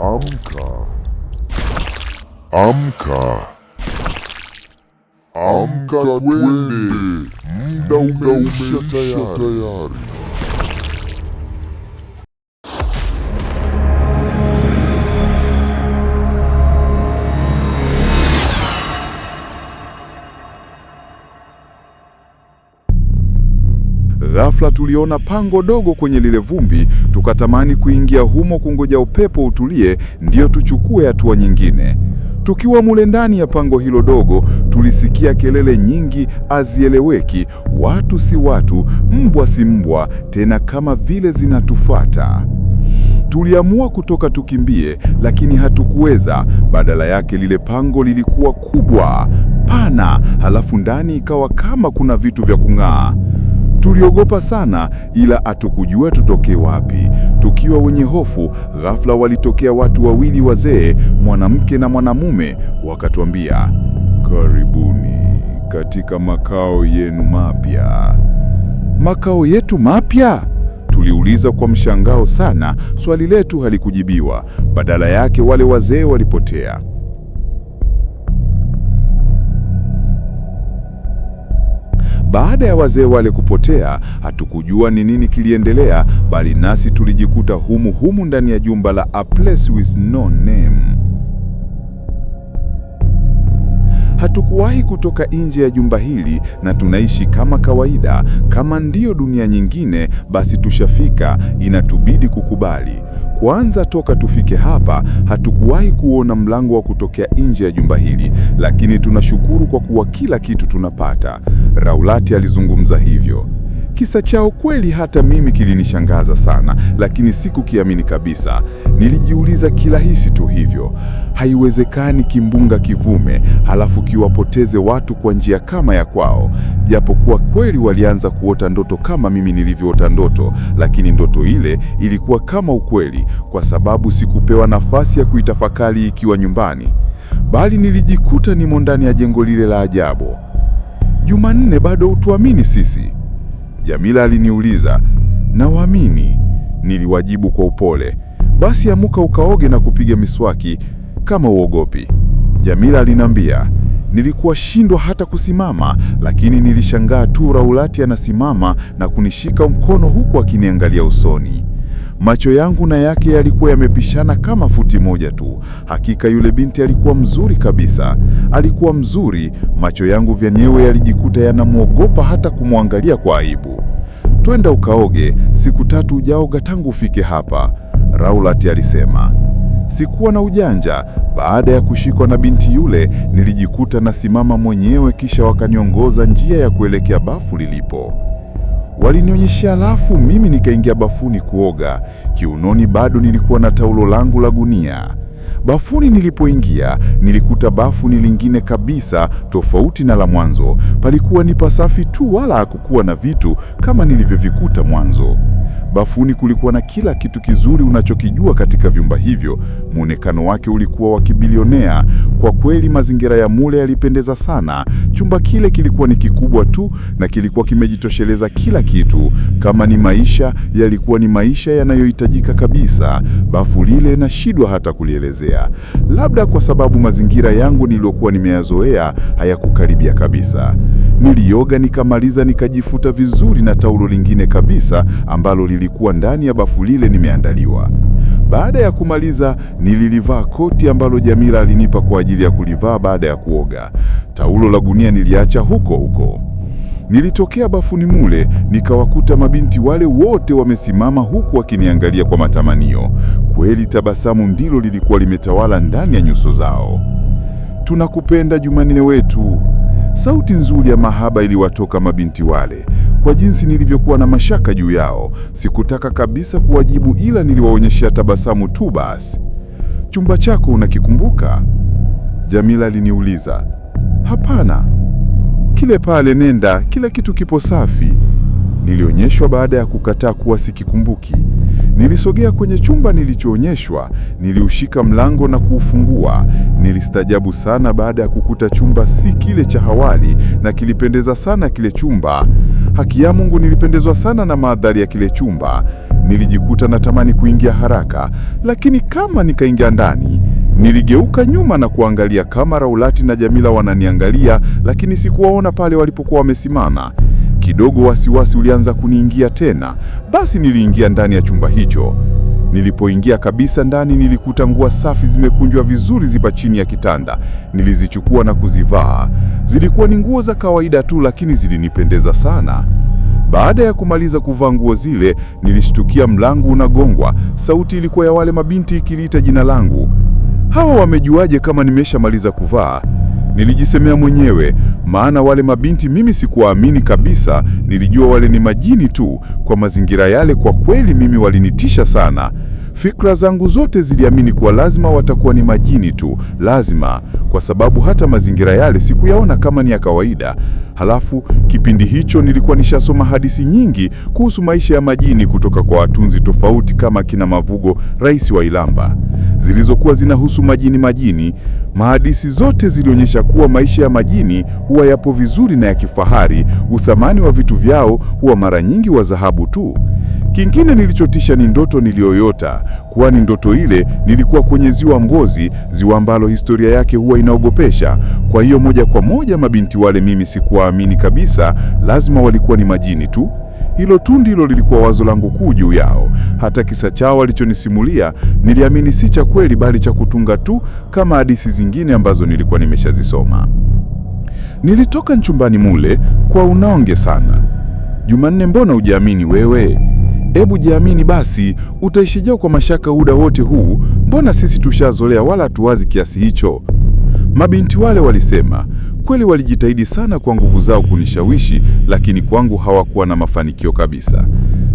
Amka, amka, amka, twende, muda umeisha tayari. Ghafla tuliona pango dogo kwenye lile vumbi tukatamani kuingia humo kungoja upepo utulie ndio tuchukue hatua nyingine. Tukiwa mule ndani ya pango hilo dogo, tulisikia kelele nyingi azieleweki, watu si watu, mbwa si mbwa tena, kama vile zinatufata Tuliamua kutoka tukimbie, lakini hatukuweza. Badala yake lile pango lilikuwa kubwa, pana, halafu ndani ikawa kama kuna vitu vya kung'aa. Tuliogopa sana, ila hatukujua tutokee wapi. Tukiwa wenye hofu, ghafla walitokea watu wawili wazee, mwanamke na mwanamume, wakatuambia, karibuni katika makao yenu mapya. Makao yetu mapya? Tuliuliza kwa mshangao sana. Swali letu halikujibiwa, badala yake wale wazee walipotea. Baada ya wazee wale kupotea, hatukujua ni nini kiliendelea, bali nasi tulijikuta humu humu ndani ya jumba la A Place With No Name. Hatukuwahi kutoka nje ya jumba hili na tunaishi kama kawaida. Kama ndiyo dunia nyingine, basi tushafika, inatubidi kukubali. Kwanza toka tufike hapa hatukuwahi kuona mlango wa kutokea nje ya jumba hili, lakini tunashukuru kwa kuwa kila kitu tunapata. Raulati alizungumza hivyo. Kisa chao kweli hata mimi kilinishangaza sana, lakini sikukiamini kabisa. Nilijiuliza kirahisi tu hivyo, haiwezekani kimbunga kivume halafu kiwapoteze watu kwa njia kama ya kwao. Japokuwa kweli walianza kuota ndoto kama mimi nilivyoota ndoto, lakini ndoto ile ilikuwa kama ukweli, kwa sababu sikupewa nafasi ya kuitafakari ikiwa nyumbani, bali nilijikuta nimo ndani ya jengo lile la ajabu. Jumanne, bado hutuamini sisi? Jamila aliniuliza. Nawaamini, niliwajibu kwa upole. Basi amuka ukaoge na kupiga miswaki kama uogopi. Jamila aliniambia. Nilikuwa shindwa hata kusimama, lakini nilishangaa tu Raulati anasimama na kunishika mkono huku akiniangalia usoni. Macho yangu na yake yalikuwa yamepishana kama futi moja tu. Hakika yule binti alikuwa mzuri kabisa, alikuwa mzuri. Macho yangu vyenyewe yalijikuta yanamwogopa hata kumwangalia kwa aibu. Twenda ukaoge, siku tatu ujaoga tangu ufike hapa, raulati alisema. Sikuwa na ujanja. Baada ya kushikwa na binti yule, nilijikuta nasimama mwenyewe, kisha wakaniongoza njia ya kuelekea bafu lilipo. Walinionyeshea lafu mimi nikaingia bafuni kuoga. Kiunoni bado nilikuwa na taulo langu la gunia. Bafuni nilipoingia nilikuta bafu ni lingine kabisa, tofauti na la mwanzo. Palikuwa ni pasafi tu, wala hakukuwa na vitu kama nilivyovikuta mwanzo. Bafuni kulikuwa na kila kitu kizuri unachokijua katika vyumba hivyo. Muonekano wake ulikuwa wa kibilionea kwa kweli. Mazingira ya mule yalipendeza sana. Chumba kile kilikuwa ni kikubwa tu na kilikuwa kimejitosheleza kila kitu. Kama ni maisha, yalikuwa ni maisha yanayohitajika kabisa. Bafu lile nashindwa hata kulielezea kuelezea, labda kwa sababu mazingira yangu niliyokuwa nimeyazoea hayakukaribia kabisa. Nilioga nikamaliza, nikajifuta vizuri na taulo lingine kabisa ambalo lilikuwa ndani ya bafu lile nimeandaliwa. Baada ya kumaliza, nililivaa koti ambalo Jamila alinipa kwa ajili ya kulivaa baada ya kuoga. Taulo la gunia niliacha huko huko. Nilitokea bafuni mule nikawakuta mabinti wale wote wamesimama huku wakiniangalia kwa matamanio. Kweli tabasamu ndilo lilikuwa limetawala ndani ya nyuso zao. Tunakupenda Jumanne wetu. Sauti nzuri ya mahaba iliwatoka mabinti wale. Kwa jinsi nilivyokuwa na mashaka juu yao, sikutaka kabisa kuwajibu, ila niliwaonyeshea tabasamu tu basi. Chumba chako unakikumbuka? Jamila aliniuliza. Hapana kile pale, nenda, kila kitu kipo safi, nilionyeshwa baada ya kukataa kuwa sikikumbuki. Nilisogea kwenye chumba nilichoonyeshwa, niliushika mlango na kuufungua. Nilistajabu sana baada ya kukuta chumba si kile cha awali, na kilipendeza sana kile chumba. Haki ya Mungu, nilipendezwa sana na mandhari ya kile chumba. Nilijikuta natamani kuingia haraka, lakini kama nikaingia ndani Niligeuka nyuma na kuangalia kama Raulati na Jamila wananiangalia, lakini sikuwaona pale walipokuwa wamesimama. Kidogo wasiwasi ulianza kuniingia tena, basi niliingia ndani ya chumba hicho. Nilipoingia kabisa ndani, nilikuta nguo safi zimekunjwa vizuri zipa chini ya kitanda. Nilizichukua na kuzivaa. Zilikuwa ni nguo za kawaida tu, lakini zilinipendeza sana. Baada ya kumaliza kuvaa nguo zile, nilishtukia mlango unagongwa. Sauti ilikuwa ya wale mabinti ikiliita jina langu hawa wamejuaje kama nimeshamaliza kuvaa? Nilijisemea mwenyewe, maana wale mabinti mimi sikuwaamini kabisa. Nilijua wale ni majini tu kwa mazingira yale, kwa kweli mimi walinitisha sana. Fikra zangu zote ziliamini kuwa lazima watakuwa ni majini tu, lazima, kwa sababu hata mazingira yale sikuyaona kama ni ya kawaida. Halafu kipindi hicho nilikuwa nishasoma hadithi nyingi kuhusu maisha ya majini kutoka kwa watunzi tofauti kama kina Mavugo, rais wa Ilamba, zilizokuwa zinahusu majini majini. Mahadisi zote zilionyesha kuwa maisha ya majini huwa yapo vizuri na ya kifahari, uthamani wa vitu vyao huwa mara nyingi wa dhahabu tu. Kingine nilichotisha ni ndoto niliyoyota kwani ndoto ile nilikuwa kwenye ziwa Mgozi, ziwa ambalo historia yake huwa inaogopesha. Kwa hiyo moja kwa moja mabinti wale mimi sikuwaamini kabisa, lazima walikuwa ni majini tu. Hilo tu ndilo lilikuwa wazo langu kuu juu yao. Hata kisa chao walichonisimulia niliamini si cha kweli, bali cha kutunga tu, kama hadithi zingine ambazo nilikuwa nimeshazisoma. Nilitoka nchumbani mule kwa unaonge sana. Jumanne, mbona hujaamini wewe? Hebu jiamini basi, utaishije kwa mashaka muda wote huu? Mbona sisi tushazolea wala tuwazi kiasi hicho? Mabinti wale walisema kweli, walijitahidi sana kwa nguvu zao kunishawishi, lakini kwangu hawakuwa na mafanikio kabisa.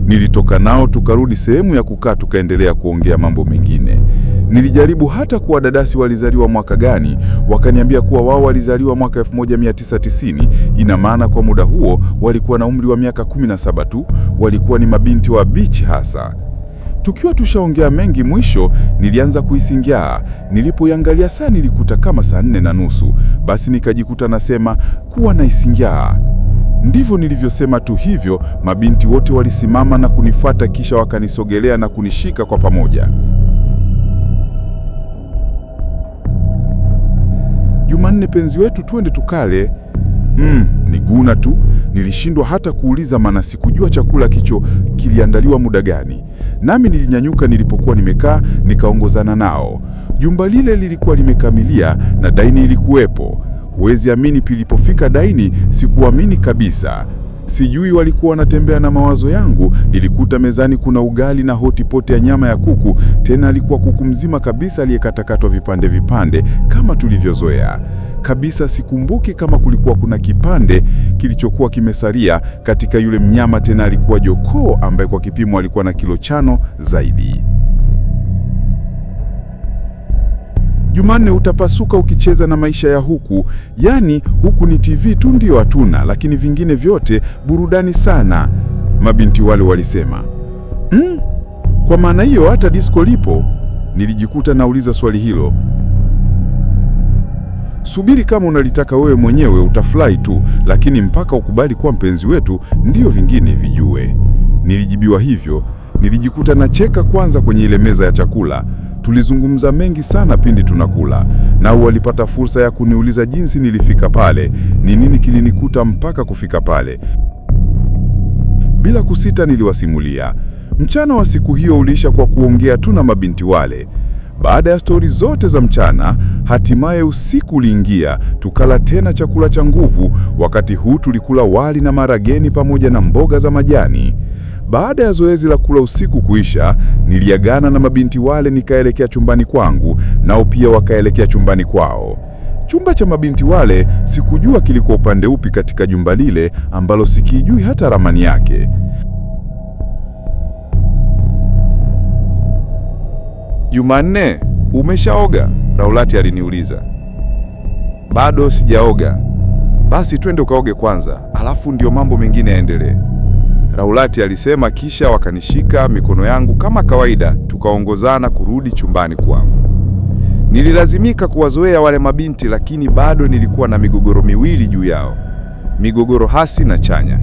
Nilitoka nao tukarudi sehemu ya kukaa, tukaendelea kuongea mambo mengine. Nilijaribu hata kuwa dadasi walizaliwa mwaka gani, wakaniambia kuwa wao walizaliwa mwaka 1990. Ina maana kwa muda huo walikuwa na umri wa miaka 17 tu, walikuwa ni mabinti wa bichi hasa. Tukiwa tushaongea mengi, mwisho nilianza kuhisi njaa. Nilipoiangalia saa nilikuta kama saa nne na nusu, basi nikajikuta nasema kuwa nahisi njaa. Ndivyo nilivyosema tu hivyo, mabinti wote walisimama na kunifuata, kisha wakanisogelea na kunishika kwa pamoja. Jumanne penzi wetu, twende tukale. Mm, ni guna tu. Nilishindwa hata kuuliza, maana sikujua chakula kicho kiliandaliwa muda gani. Nami nilinyanyuka nilipokuwa nimekaa, nikaongozana nao. Jumba lile lilikuwa limekamilia na daini ilikuwepo. Huwezi amini, pilipofika daini sikuamini kabisa. Sijui walikuwa wanatembea na mawazo yangu. Nilikuta mezani kuna ugali na hotipoti ya nyama ya kuku, tena alikuwa kuku mzima kabisa aliyekatakatwa vipande vipande kama tulivyozoea kabisa. Sikumbuki kama kulikuwa kuna kipande kilichokuwa kimesalia katika yule mnyama, tena alikuwa jokoo ambaye kwa kipimo alikuwa na kilo chano zaidi. Jumanne utapasuka ukicheza na maisha ya huku, yaani huku ni TV tu ndiyo hatuna, lakini vingine vyote burudani sana, mabinti wale walisema. Mm, kwa maana hiyo hata disco lipo? Nilijikuta nauliza swali hilo. Subiri, kama unalitaka wewe mwenyewe utafurahi tu, lakini mpaka ukubali kuwa mpenzi wetu ndiyo vingine vijue. Nilijibiwa hivyo. Nilijikuta nacheka kwanza kwenye ile meza ya chakula. Tulizungumza mengi sana pindi tunakula, nao walipata fursa ya kuniuliza jinsi nilifika pale, ni nini kilinikuta mpaka kufika pale. Bila kusita niliwasimulia. Mchana wa siku hiyo uliisha kwa kuongea tu na mabinti wale. Baada ya stori zote za mchana, hatimaye usiku uliingia, tukala tena chakula cha nguvu. Wakati huu tulikula wali na marageni pamoja na mboga za majani. Baada ya zoezi la kula usiku kuisha, niliagana na mabinti wale nikaelekea chumbani kwangu, nao pia wakaelekea chumbani kwao. Chumba cha mabinti wale sikujua kilikuwa upande upi katika jumba lile ambalo sikijui hata ramani yake. Jumanne, umeshaoga? Raulati aliniuliza. Bado sijaoga. Basi twende ukaoge kwanza, alafu ndio mambo mengine yaendelee. Raulati alisema, kisha wakanishika mikono yangu kama kawaida, tukaongozana kurudi chumbani kwangu. Nililazimika kuwazoea wale mabinti, lakini bado nilikuwa na migogoro miwili juu yao, migogoro hasi na chanya.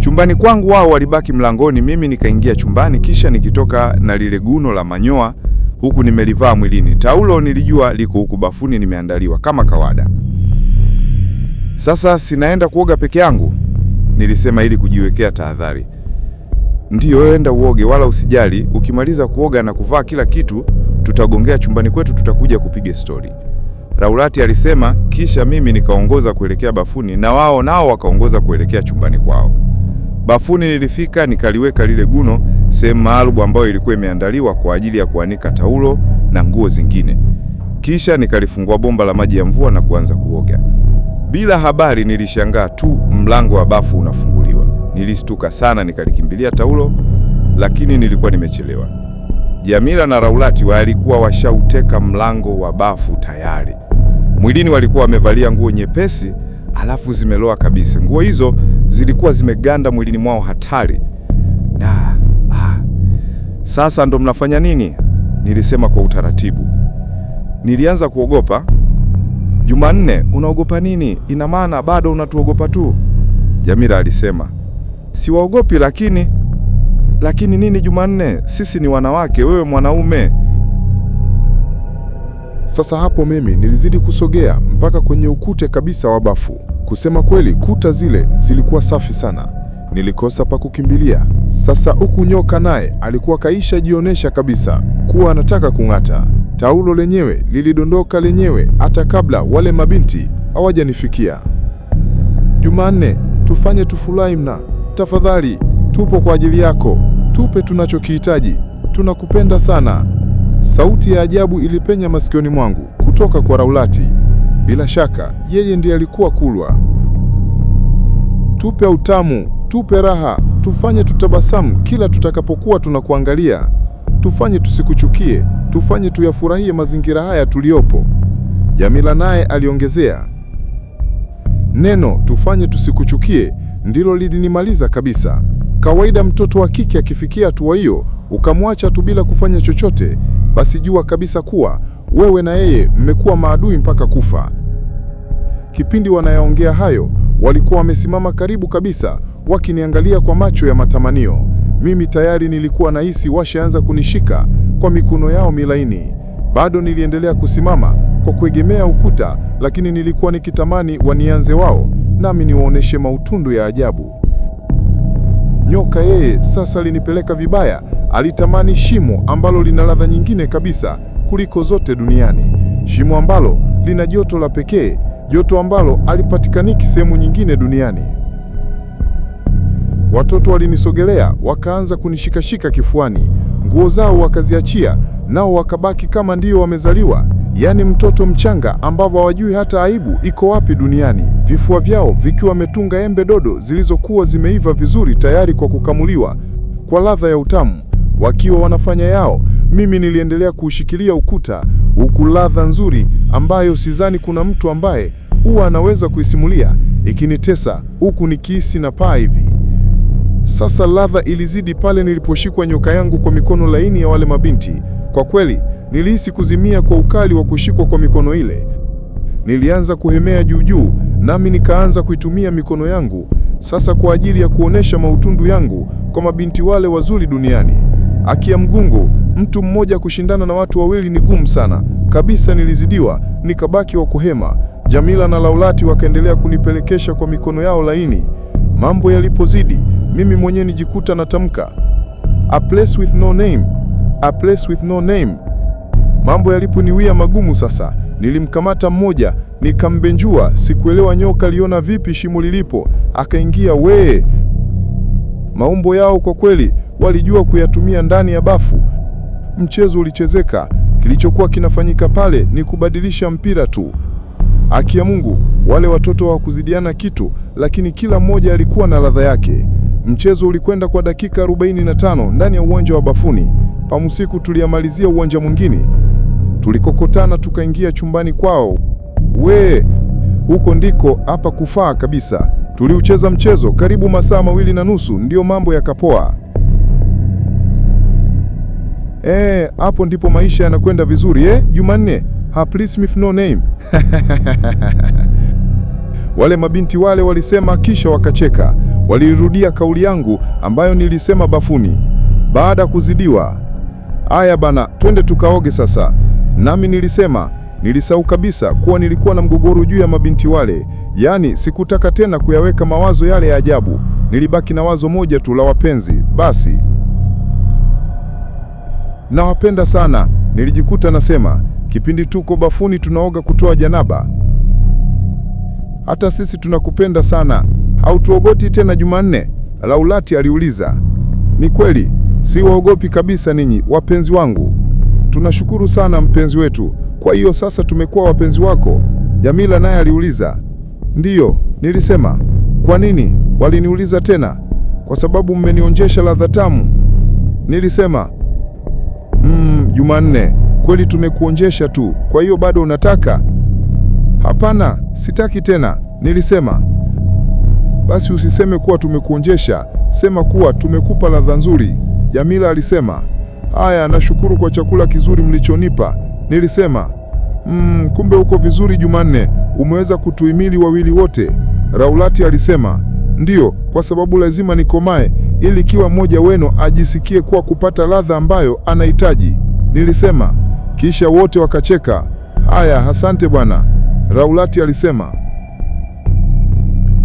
Chumbani kwangu wao walibaki mlangoni, mimi nikaingia chumbani, kisha nikitoka na lile guno la manyoa huku nimelivaa mwilini. Taulo nilijua liko huku bafuni, nimeandaliwa kama kawaida. Sasa sinaenda kuoga peke yangu, Nilisema ili kujiwekea tahadhari. Ndiyo, enda uoge, wala usijali. Ukimaliza kuoga na kuvaa kila kitu, tutagongea chumbani kwetu, tutakuja kupiga stori, Raulati alisema. Kisha mimi nikaongoza kuelekea bafuni na wao nao wakaongoza kuelekea chumbani kwao. Bafuni nilifika, nikaliweka lile guno sehemu maalum ambayo ilikuwa imeandaliwa kwa ajili ya kuanika taulo na nguo zingine, kisha nikalifungua bomba la maji ya mvua na kuanza kuoga. Bila habari, nilishangaa tu mlango wa bafu unafunguliwa. Nilistuka sana, nikalikimbilia taulo, lakini nilikuwa nimechelewa. Jamila na Raulati walikuwa washauteka mlango wa bafu tayari. Mwilini walikuwa wamevalia nguo nyepesi, alafu zimeloa kabisa. Nguo hizo zilikuwa zimeganda mwilini mwao, hatari na ah. Sasa ndo mnafanya nini? Nilisema kwa utaratibu. Nilianza kuogopa Jumanne, unaogopa nini? Ina maana bado unatuogopa tu? Jamila alisema. Siwaogopi, lakini lakini nini Jumanne? Sisi ni wanawake, wewe mwanaume. Sasa hapo mimi nilizidi kusogea mpaka kwenye ukute kabisa wa bafu. Kusema kweli, kuta zile zilikuwa safi sana, nilikosa pa kukimbilia. Sasa huku nyoka naye alikuwa kaisha jionesha kabisa kuwa anataka kung'ata. Taulo lenyewe lilidondoka lenyewe hata kabla wale mabinti hawajanifikia. Jumanne, tufanye tufurahi mna, tafadhali, tupo kwa ajili yako, tupe tunachokihitaji, tunakupenda sana. Sauti ya ajabu ilipenya masikioni mwangu kutoka kwa Raulati. Bila shaka yeye ndiye alikuwa Kulwa. Tupe utamu tupe raha, tufanye tutabasamu kila tutakapokuwa tunakuangalia, tufanye tusikuchukie, tufanye tuyafurahie mazingira haya tuliyopo. Jamila naye aliongezea, neno tufanye tusikuchukie ndilo lilinimaliza kabisa. Kawaida mtoto wa kike akifikia hatua hiyo ukamwacha tu bila kufanya chochote, basi jua kabisa kuwa wewe na yeye mmekuwa maadui mpaka kufa. Kipindi wanayaongea hayo Walikuwa wamesimama karibu kabisa, wakiniangalia kwa macho ya matamanio. Mimi tayari nilikuwa nahisi washaanza kunishika kwa mikono yao milaini. Bado niliendelea kusimama kwa kuegemea ukuta, lakini nilikuwa nikitamani wanianze wao, nami niwaoneshe mautundu ya ajabu. Nyoka yeye sasa linipeleka vibaya, alitamani shimo ambalo lina ladha nyingine kabisa kuliko zote duniani, shimo ambalo lina joto la pekee joto ambalo alipatikaniki sehemu nyingine duniani. Watoto walinisogelea wakaanza kunishikashika kifuani, nguo zao wakaziachia, nao wakabaki kama ndio wamezaliwa, yaani mtoto mchanga, ambavyo hawajui hata aibu iko wapi duniani, vifua vyao vikiwa wametunga embe dodo zilizokuwa zimeiva vizuri tayari kwa kukamuliwa kwa ladha ya utamu. Wakiwa wanafanya yao, mimi niliendelea kuushikilia ukuta huku ladha nzuri ambayo sidhani kuna mtu ambaye huwa anaweza kuisimulia ikinitesa huku nikihisi na paa hivi. Sasa ladha ilizidi pale niliposhikwa nyoka yangu kwa mikono laini ya wale mabinti. Kwa kweli nilihisi kuzimia kwa ukali wa kushikwa kwa mikono ile. Nilianza kuhemea juu juu, nami nikaanza kuitumia mikono yangu sasa kwa ajili ya kuonesha mautundu yangu kwa mabinti wale wazuri duniani akia mgungu, mtu mmoja kushindana na watu wawili ni gumu sana kabisa. Nilizidiwa, nikabaki wa kuhema. Jamila na Laulati wakaendelea kunipelekesha kwa mikono yao laini. Mambo yalipozidi, mimi mwenyewe nijikuta natamka a place with no name, a place with no name. Mambo yaliponiwia magumu sasa, nilimkamata mmoja nikambenjua. Sikuelewa nyoka liona vipi shimo lilipo, akaingia. Wee, maumbo yao kwa kweli walijua kuyatumia ndani ya bafu. Mchezo ulichezeka. Kilichokuwa kinafanyika pale ni kubadilisha mpira tu. Aki ya Mungu, wale watoto hawakuzidiana kitu, lakini kila mmoja alikuwa na ladha yake. Mchezo ulikwenda kwa dakika 45 ndani ya uwanja wa bafuni. Pamusiku tuliamalizia uwanja mwingine, tulikokotana tukaingia chumbani kwao. We, huko ndiko hapa kufaa kabisa. Tuliucheza mchezo karibu masaa mawili na nusu, ndiyo mambo yakapoa. Eh, hapo ndipo maisha yanakwenda vizuri eh, Jumanne? Hapless Smith no name. Wale mabinti wale walisema kisha wakacheka. Walirudia kauli yangu ambayo nilisema bafuni baada ya kuzidiwa. Aya bana, twende tukaoge sasa. Nami nilisema nilisahau kabisa kuwa nilikuwa na mgogoro juu ya mabinti wale, yaani sikutaka tena kuyaweka mawazo yale ya ajabu. Nilibaki na wazo moja tu la wapenzi basi nawapenda sana, nilijikuta nasema kipindi tuko bafuni tunaoga kutoa janaba. Hata sisi tunakupenda sana, hautuogoti tena Jumanne, Laulati aliuliza. Ni kweli, siwaogopi kabisa ninyi wapenzi wangu. Tunashukuru sana mpenzi wetu. Kwa hiyo sasa tumekuwa wapenzi wako? Jamila naye aliuliza. Ndiyo, nilisema. Kwa nini? Waliniuliza tena. Kwa sababu mmenionjesha ladha tamu, nilisema. Mm, Jumanne, kweli tumekuonjesha tu, kwa hiyo bado unataka? Hapana, sitaki tena, nilisema. Basi usiseme kuwa tumekuonjesha, sema kuwa tumekupa ladha nzuri, Jamila alisema. Haya, nashukuru kwa chakula kizuri mlichonipa, nilisema. Mm, kumbe uko vizuri Jumanne, umeweza kutuhimili wawili wote, Raulati alisema. Ndiyo, kwa sababu lazima nikomae ili kiwa mmoja wenu ajisikie kuwa kupata ladha ambayo anahitaji, nilisema. Kisha wote wakacheka. Haya, asante bwana, Raulati alisema.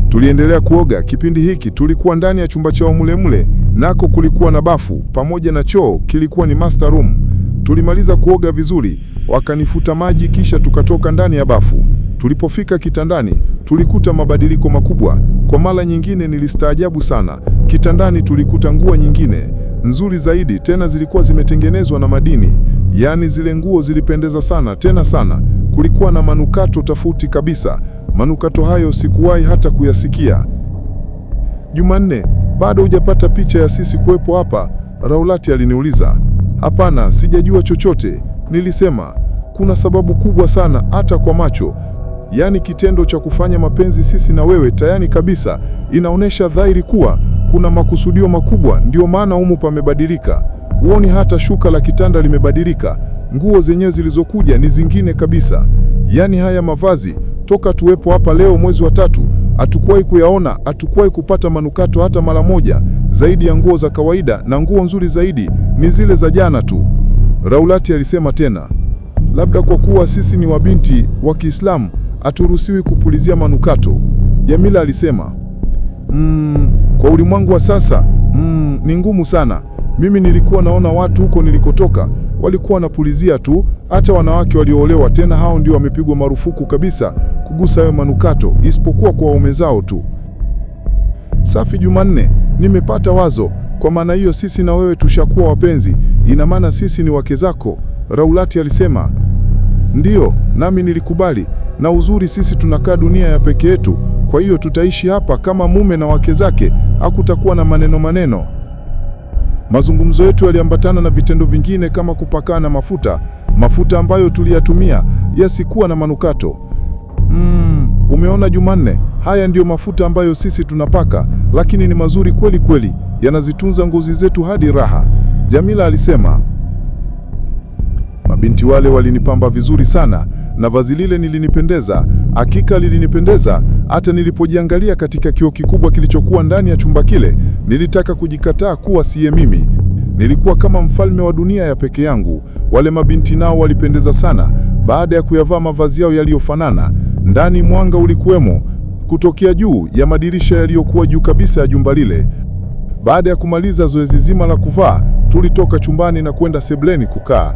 Tuliendelea kuoga. Kipindi hiki tulikuwa ndani ya chumba chao mule, nako kulikuwa na bafu pamoja na choo, kilikuwa ni master room. Tulimaliza kuoga vizuri, wakanifuta maji, kisha tukatoka ndani ya bafu. Tulipofika kitandani, tulikuta mabadiliko makubwa. Kwa mara nyingine nilistaajabu sana. Kitandani tulikuta nguo nyingine nzuri zaidi, tena zilikuwa zimetengenezwa na madini. Yaani zile nguo zilipendeza sana, tena sana. Kulikuwa na manukato tofauti kabisa. Manukato hayo sikuwahi hata kuyasikia. Jumanne, bado hujapata picha ya sisi kuwepo hapa? Raulati aliniuliza. Hapana, sijajua chochote, nilisema. Kuna sababu kubwa sana hata kwa macho yaani kitendo cha kufanya mapenzi sisi na wewe tayari kabisa, inaonyesha dhahiri kuwa kuna makusudio makubwa. Ndio maana humu pamebadilika, huoni hata shuka la kitanda limebadilika, nguo zenyewe zilizokuja ni zingine kabisa. Yaani haya mavazi toka tuwepo hapa leo mwezi wa tatu hatukuwahi kuyaona, hatukuwahi kupata manukato hata mara moja zaidi ya nguo za kawaida, na nguo nzuri zaidi ni zile za jana tu. Raulati alisema tena, labda kwa kuwa sisi ni wabinti wa Kiislamu haturuhusiwi kupulizia manukato, Jamila alisema. Mm, kwa ulimwengu wa sasa mm, ni ngumu sana. Mimi nilikuwa naona watu huko nilikotoka walikuwa wanapulizia tu, hata wanawake walioolewa, tena hao ndio wamepigwa marufuku kabisa kugusa hayo manukato, isipokuwa kwa waume zao tu. Safi Jumanne, nimepata wazo. Kwa maana hiyo sisi na wewe tushakuwa wapenzi, ina maana sisi ni wake zako, Raulati alisema. Ndiyo, nami nilikubali. Na uzuri sisi tunakaa dunia ya peke yetu, kwa hiyo tutaishi hapa kama mume na wake zake, hakutakuwa na maneno maneno. Mazungumzo yetu yaliambatana na vitendo vingine kama kupakana mafuta, mafuta ambayo tuliyatumia yasikuwa na manukato. Mm, umeona Jumanne, haya ndiyo mafuta ambayo sisi tunapaka, lakini ni mazuri kweli kweli, yanazitunza ngozi zetu hadi raha, Jamila alisema. Mabinti wale walinipamba vizuri sana, na vazi lile nilinipendeza, hakika lilinipendeza. Hata nilipojiangalia katika kioo kikubwa kilichokuwa ndani ya chumba kile, nilitaka kujikataa kuwa siye mimi. Nilikuwa kama mfalme wa dunia ya peke yangu. Wale mabinti nao walipendeza sana, baada ya kuyavaa mavazi yao yaliyofanana. Ndani mwanga ulikuwemo kutokea juu ya madirisha yaliyokuwa juu kabisa ya jumba lile. Baada ya kumaliza zoezi zima la kuvaa, tulitoka chumbani na kwenda sebleni kukaa.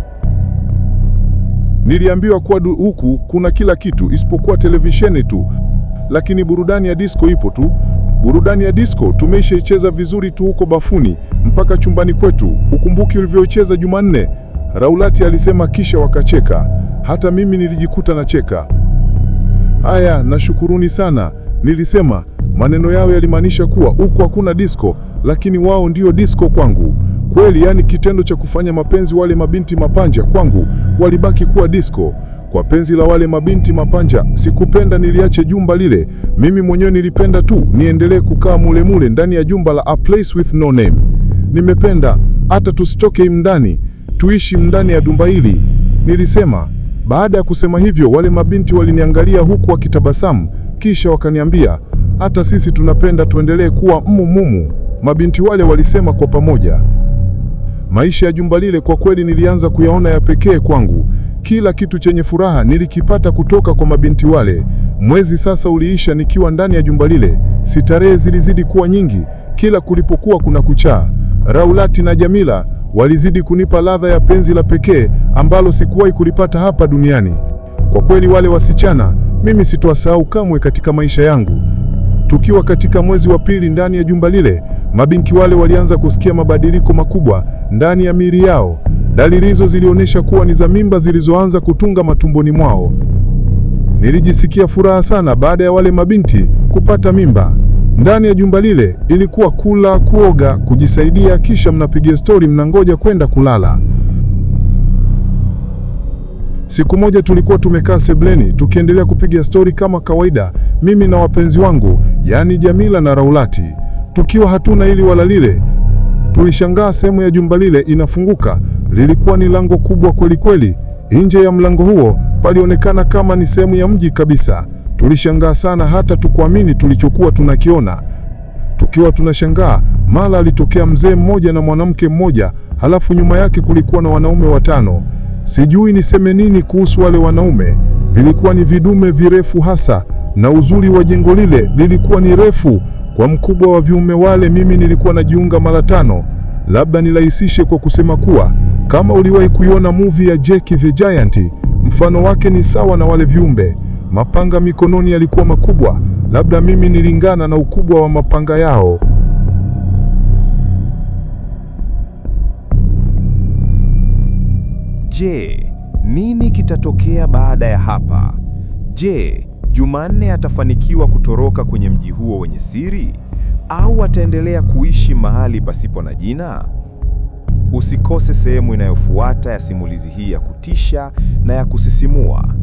Niliambiwa kuwa huku kuna kila kitu isipokuwa televisheni tu, lakini burudani ya disco ipo tu. Burudani ya disco tumeishaicheza vizuri tu huko bafuni mpaka chumbani kwetu. Ukumbuki ulivyocheza Jumanne? Raulati alisema, kisha wakacheka. Hata mimi nilijikuta nacheka. Haya, nashukuruni sana, nilisema. Maneno yao yalimaanisha kuwa huku hakuna disco, lakini wao ndio disco kwangu. Kweli, yaani kitendo cha kufanya mapenzi wale mabinti mapanja kwangu walibaki kuwa disco. Kwa penzi la wale mabinti mapanja sikupenda niliache jumba lile. Mimi mwenyewe nilipenda tu niendelee kukaa mulemule ndani ya jumba la A Place With No Name. Nimependa hata tusitoke mndani, tuishi mndani ya jumba hili, nilisema. Baada ya kusema hivyo, wale mabinti waliniangalia huku wakitabasamu, kisha wakaniambia, hata sisi tunapenda tuendelee kuwa mumumu. Mabinti wale walisema kwa pamoja. Maisha ya jumba lile kwa kweli nilianza kuyaona ya pekee kwangu. Kila kitu chenye furaha nilikipata kutoka kwa mabinti wale. Mwezi sasa uliisha nikiwa ndani ya jumba lile. sitarehe zilizidi kuwa nyingi kila kulipokuwa kuna kuchaa. Raulati na Jamila walizidi kunipa ladha ya penzi la pekee ambalo sikuwahi kulipata hapa duniani. Kwa kweli wale wasichana mimi sitowasahau kamwe katika maisha yangu. Tukiwa katika mwezi wa pili ndani ya jumba lile, mabinti wale walianza kusikia mabadiliko makubwa ndani ya miili yao. Dalili hizo zilionyesha kuwa ni za mimba zilizoanza kutunga matumboni mwao. Nilijisikia furaha sana baada ya wale mabinti kupata mimba. Ndani ya jumba lile ilikuwa kula, kuoga, kujisaidia, kisha mnapiga stori, mnangoja kwenda kulala. Siku moja tulikuwa tumekaa sebleni tukiendelea kupiga stori kama kawaida, mimi na wapenzi wangu, yaani Jamila na Raulati, tukiwa hatuna ili wala lile. Tulishangaa sehemu ya jumba lile inafunguka. Lilikuwa ni lango kubwa kweli kweli. Nje ya mlango huo palionekana kama ni sehemu ya mji kabisa. Tulishangaa sana hata tukuamini tulichokuwa tunakiona. Tukiwa tunashangaa, mara alitokea mzee mmoja na mwanamke mmoja, halafu nyuma yake kulikuwa na wanaume watano. Sijui niseme nini kuhusu wale wanaume. Vilikuwa ni vidume virefu hasa, na uzuri wa jengo lile lilikuwa ni refu. Kwa mkubwa wa viume wale, mimi nilikuwa najiunga mara tano. Labda nilahisishe kwa kusema kuwa kama uliwahi kuiona movie ya Jake the Giant, mfano wake ni sawa na wale viumbe. Mapanga mikononi yalikuwa makubwa, labda mimi nilingana na ukubwa wa mapanga yao. Je, nini kitatokea baada ya hapa? Je, Jumanne atafanikiwa kutoroka kwenye mji huo wenye siri au ataendelea kuishi mahali pasipo na jina? Usikose sehemu inayofuata ya simulizi hii ya kutisha na ya kusisimua.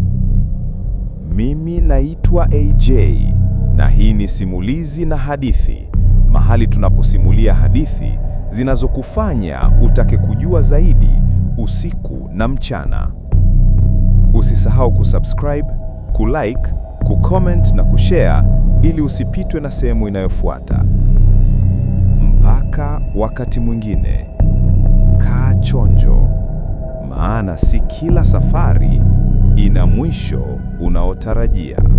Mimi naitwa AJ na hii ni Simulizi na Hadithi, mahali tunaposimulia hadithi zinazokufanya utake kujua zaidi usiku na mchana. Usisahau kusubscribe, kulike, kucomment na kushare ili usipitwe na sehemu inayofuata. Mpaka wakati mwingine, kaa chonjo, maana si kila safari ina mwisho unaotarajia.